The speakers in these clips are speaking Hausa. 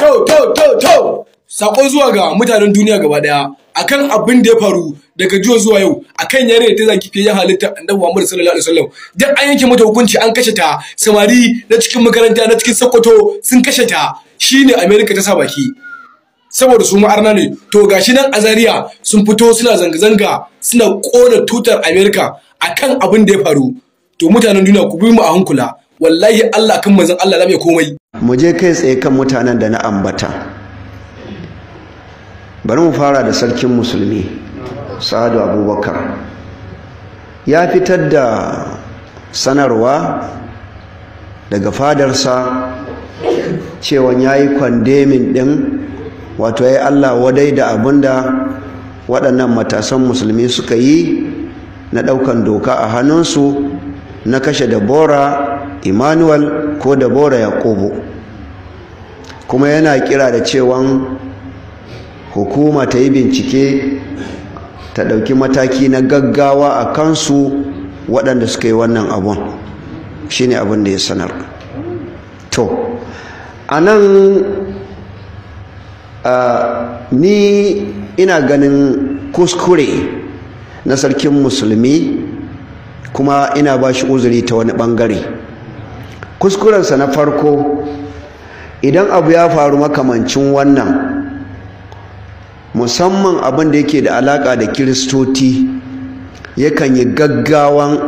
to to to to Sakon zuwa ga mutanen duniya gaba daya akan abin da ya faru daga jiya zuwa yau akan yare ta zaki fiye halitta annabi Muhammad sallallahu alaihi wasallam dan an yanke mata hukunci an kashe ta samari na cikin makaranta na cikin Sokoto sun kashe ta shi ne Amerika ta sa baki saboda su ma'arna ne to gashi nan Zariya sun fito suna zanga-zanga suna kona tutar America akan abin da ya faru to mutanen duniya ku bi mu a hankula wallahi Allah kan manzon Allah zamu komai mu je kai tsaye kan mutanen da na ambata bari mu fara da sarkin musulmi sa'adu abubakar ya fitar da sanarwa daga fadarsa cewa ya yi kwandemin ɗin wato ya yi allah wadai da abin da waɗannan matasan musulmi suka yi na ɗaukan doka a hannunsu na kashe da bora emmanuel ko da bora ƙobo kuma yana kira da cewan hukuma ta yi bincike ta ɗauki mataki na gaggawa a kansu waɗanda suka yi wannan abun shi ne abin da ya sanar to a nan ni ina ganin kuskure na sarkin musulmi kuma ina ba shi uzuri ta wani ɓangare kuskurensa na farko idan abu ya faru makamancin wannan musamman abin da yake da alaƙa da kiristoti yakan yi gaggawan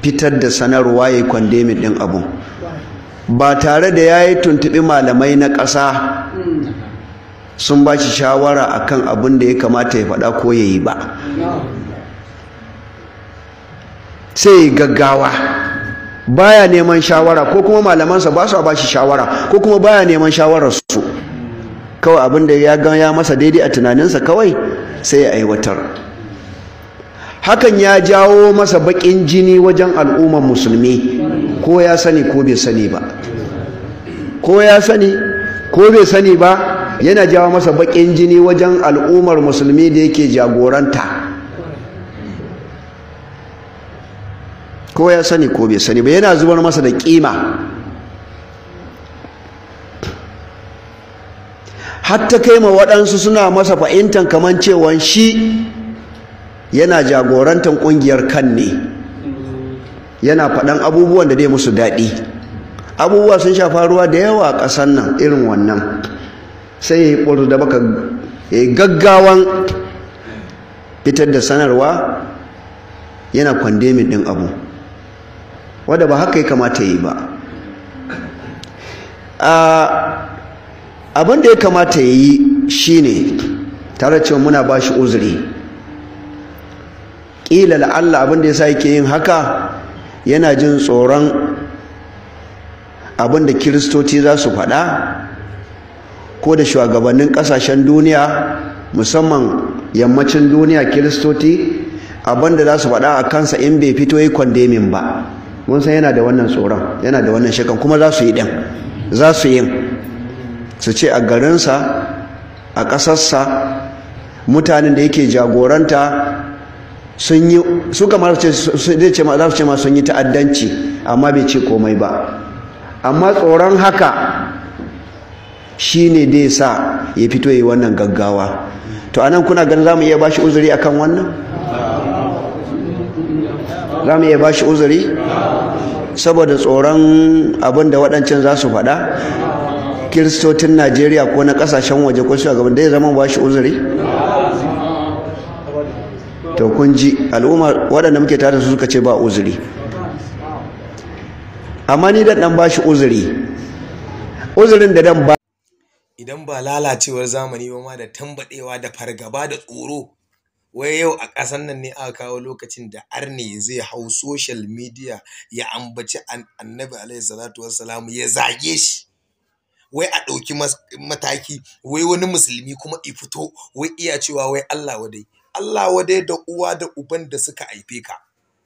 fitar da sanarwa ya yi kwandemi ɗin abu ba tare da ya yi tuntuɓi malamai na ƙasa sun ba shi shawara kan abin da ya kamata ya faɗa ko ya yi ba sai gaggawa baya neman shawara ko kuma malamansa ba su ba shi shawara ko kuma baya neman shawarar shawararsu kawai abin da ya gaya ya masa daidai a tunaninsa kawai sai ya aiwatar hakan ya jawo masa baƙin jini wajen al'ummar musulmi ko ya sani ko bai sani ba ko ya sani ko bai sani ba yana jawo masa baƙin jini wajen al'ummar musulmi da yake jagoranta ko ya sani ko bai sani ba yana zubar masa da kima hatta kai ma waɗansu suna masa fahimtar kamar cewa shi yana jagorantar ƙungiyar kan ne yana faɗan abubuwan da dai musu daɗi abubuwa sun shafa ruwa da yawa a ƙasar nan irin wannan sai ya yi da baka gaggawan fitar da sanarwa yana kwandemin ɗin abu wadda ba haka ya kamata yi ba abin da ya kamata ya yi shine tare cewa muna ba shi uzuri ƙila la'alla abin da ya sa yake yin haka yana jin tsoron abin da kiristoci za su faɗa ko da shugabannin ƙasashen duniya musamman yammacin duniya kiristoci abin da za su faɗa a kansa in bai fito yi kwandemin ba mun san yana da wannan tsoron yana da wannan shakan kuma za su yi ɗin za su yin su ce a garinsa a kasarsa mutanen da yake jagoranta sun yi su kamar su ce ma sun yi ta'addanci amma bai ce komai ba amma tsoron haka shine dai sa ya fito yi wannan gaggawa to anan kuna ganin za mu iya bashi uzuri akan wannan za mu iya ba shi uzuri saboda tsoron abin da waɗancan za su faɗa kiristocin najeriya ko na ƙasashen waje ko shugaban da ya zama ba shi uzuri to kun ji al'umma waɗanda muke tare su suka ce ba uzuri amma ni da ɗan ba shi uzuri uzurin da dan ba idan ba lalacewar zamani ba ma da tambadewa da fargaba da tsoro wai yau a ƙasan nan ne aka kawo lokacin da arne zai hau social media ya ambaci annabi alaihi salatu ya zage shi wai a ɗauki mataki wai wani musulmi kuma i fito wai iya cewa wai Allah wadai Allah wadai da uwa da uban da suka haife ka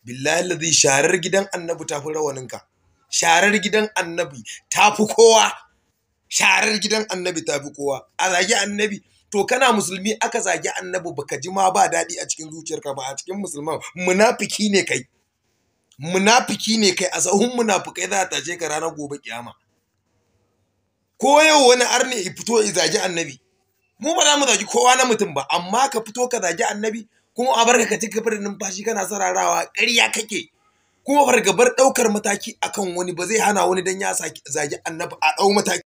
billahi ladhi sharar gidan annabi ta fi rawaninka sharar gidan annabi ta fi kowa sharar gidan annabi ta fi kowa a zagi annabi to kana musulmi aka zagi annabi baka ji ma ba daɗi a cikin zuciyarka ba a cikin musulman munafiki ne kai munafiki ne kai a sahun munafikai za a tashe ka ranar gobe kiyama ko yau wani arne ya fito i zagi annabi mu ba za mu zagi kowa na mutum ba amma ka fito ka zagi annabi kuma a barka ka ci gaba da numfashi kana sararawa ƙarya kake kuma fargabar ɗaukar mataki akan wani ba zai hana wani dan ya zagi annabi a ɗau mataki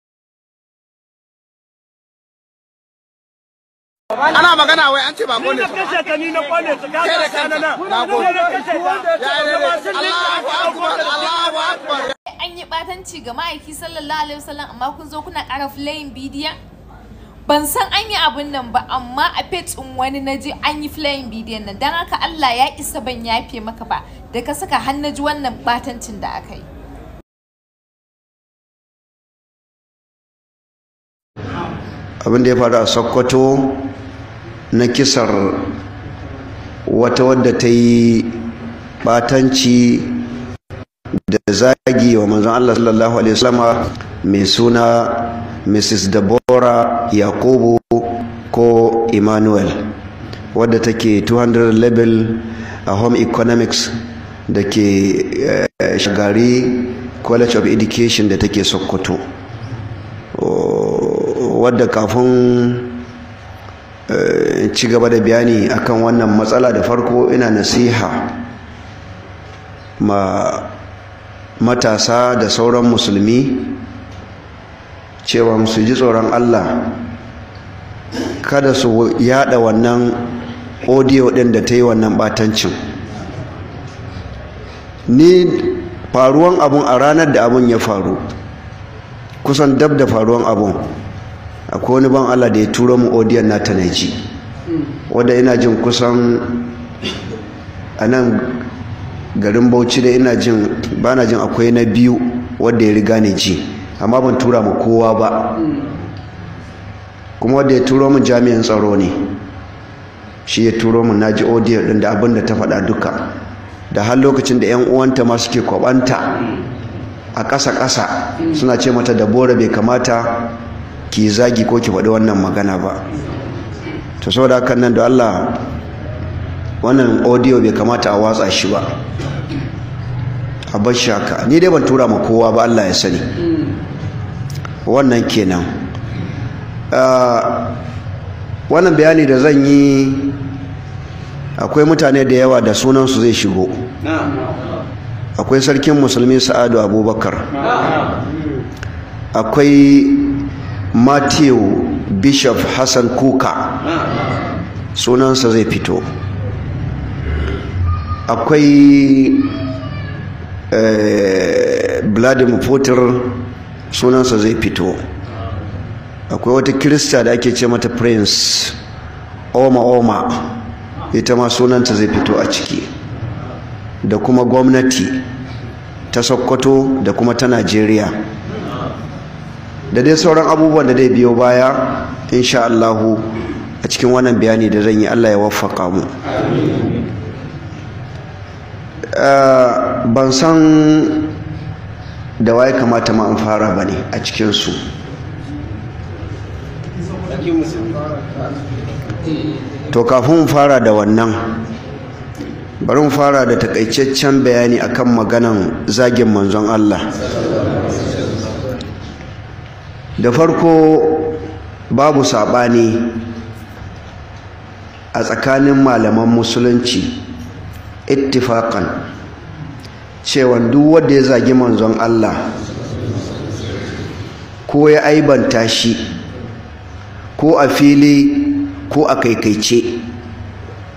ana magana wai an ce ba kone ta kashe ta ni na kone ta ga ta kana na na kone ya ne Allahu akbar Allahu akbar an yi batanci ga ma'aiki sallallahu alaihi wasallam amma kun zo kuna ƙara flayin bidiyon ban san an yi abun nan ba amma a page din wani je an yi flayin bidiyon nan dan haka Allah ya isa ban yafe maka ba da ka saka hannaji wannan batancin da aka yi abin da ya faru a sokoto na kisar wata wadda ta yi batanci da zagi wa manzon Allah sallallahu alaihi wasallama mai suna Mrs. Deborah Yakubu ko Emmanuel wadda take 200 level a home economics da ke eh, shagari college of education da take sokoto wadda kafin eh, ci gaba da bayani akan wannan matsala da farko ina nasiha ma matasa da sauran musulmi cewa su ji tsoron Allah kada su yada wannan audio din da ta yi wannan batancin ni faruwan abun a ranar da abun ya faru kusan dab da faruwan abun akwai wani ban Allah da ya turo mu odiyan na na ji wadda ina jin kusan a nan garin bauchi da ina jin bana jin akwai na biyu wadda ya riga ni ji amma ban tura ma kowa ba kuma wadda ya turo min jami'in tsaro ne shi ya turo min naji odiyan din da abin da ta faɗa duka da har lokacin da yan uwanta ma suke kwabanta a ƙasa ƙasa suna ce mata da bora bai kamata ki zagi ko ki faɗi wannan magana ba to saboda hakan nan da Allah wannan audio bai kamata a watsa shi ba a bar shi ni dai ban tura ma kowa ba Allah ya sani wannan kenan ah, wannan bayani da zan yi akwai mutane da yawa da sunansu zai shigo akwai sarkin musulmi sa'adu abubakar akwai matthew bishop hassan kuka sunansa zai fito akwai eh, vladimir putin sunansa zai fito akwai wata kirista da ake ce mata prince oma oma ita ma sunanta zai fito a ciki da kuma gwamnati ta sokoto da kuma ta najeriya da dai sauran abubuwan da dai biyo baya insha Allahu a cikin wannan bayani da zan yi Allah ya waffaka mu ah, ban san da waye kamata ma in fara ba ne a cikinsu to kafin fara da wannan bari fara da takaitaccen bayani akan maganan zagin manzon Allah da farko babu saɓani a tsakanin malaman musulunci ittifakan cewan duk wanda ya zagi manzon Allah ko ya aibanta shi ko a fili ko a kaikaice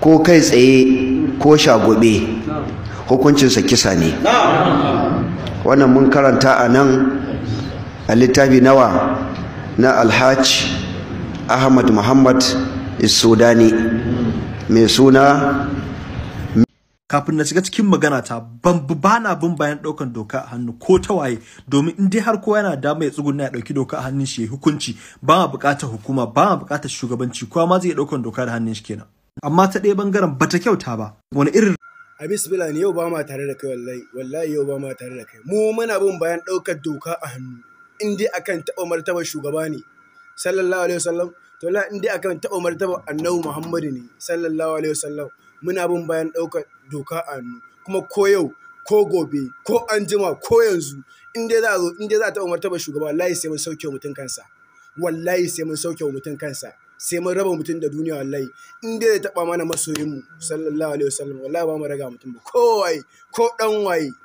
ko kai tsaye ko shagobe hukuncinsa kisa ne wannan mun karanta a nan a littafi nawa na alhaj ahmad muhammad sudani mai suna kafin na shiga cikin magana ta ban bana bin bayan daukan doka a hannu ko ta waye domin in dai har kowa yana da mai tsuguna ya dauki doka a hannun shi ya hukunci ba ma bukatar hukuma ba ma bukatar shugabanci kowa ma zai daukan doka da hannun shi kenan amma ta ɗaya bangaren bata kyauta ba wani irin a ne yau ba ma tare da kai wallahi wallahi yau ba ma tare da kai mu muna bin bayan daukar doka a hannu in dai akan taɓa martabar shugaba ne sallallahu alaihi wasallam to la in dai akan taɓa martabar annabi Muhammadu ne sallallahu alaihi wasallam muna bin bayan ɗaukar doka a hannu kuma ko yau ko gobe ko an jima ko yanzu in dai za a zo in dai za a taɓa martabar shugaba wallahi sai mun sauke mutum kansa wallahi sai mun sauke mutum kansa sai mun raba mutum da duniya wallahi in dai ya taɓa mana masoyinmu sallallahu alaihi wasallam wallahi ba mu raga mutum ba kowai ko ɗan waye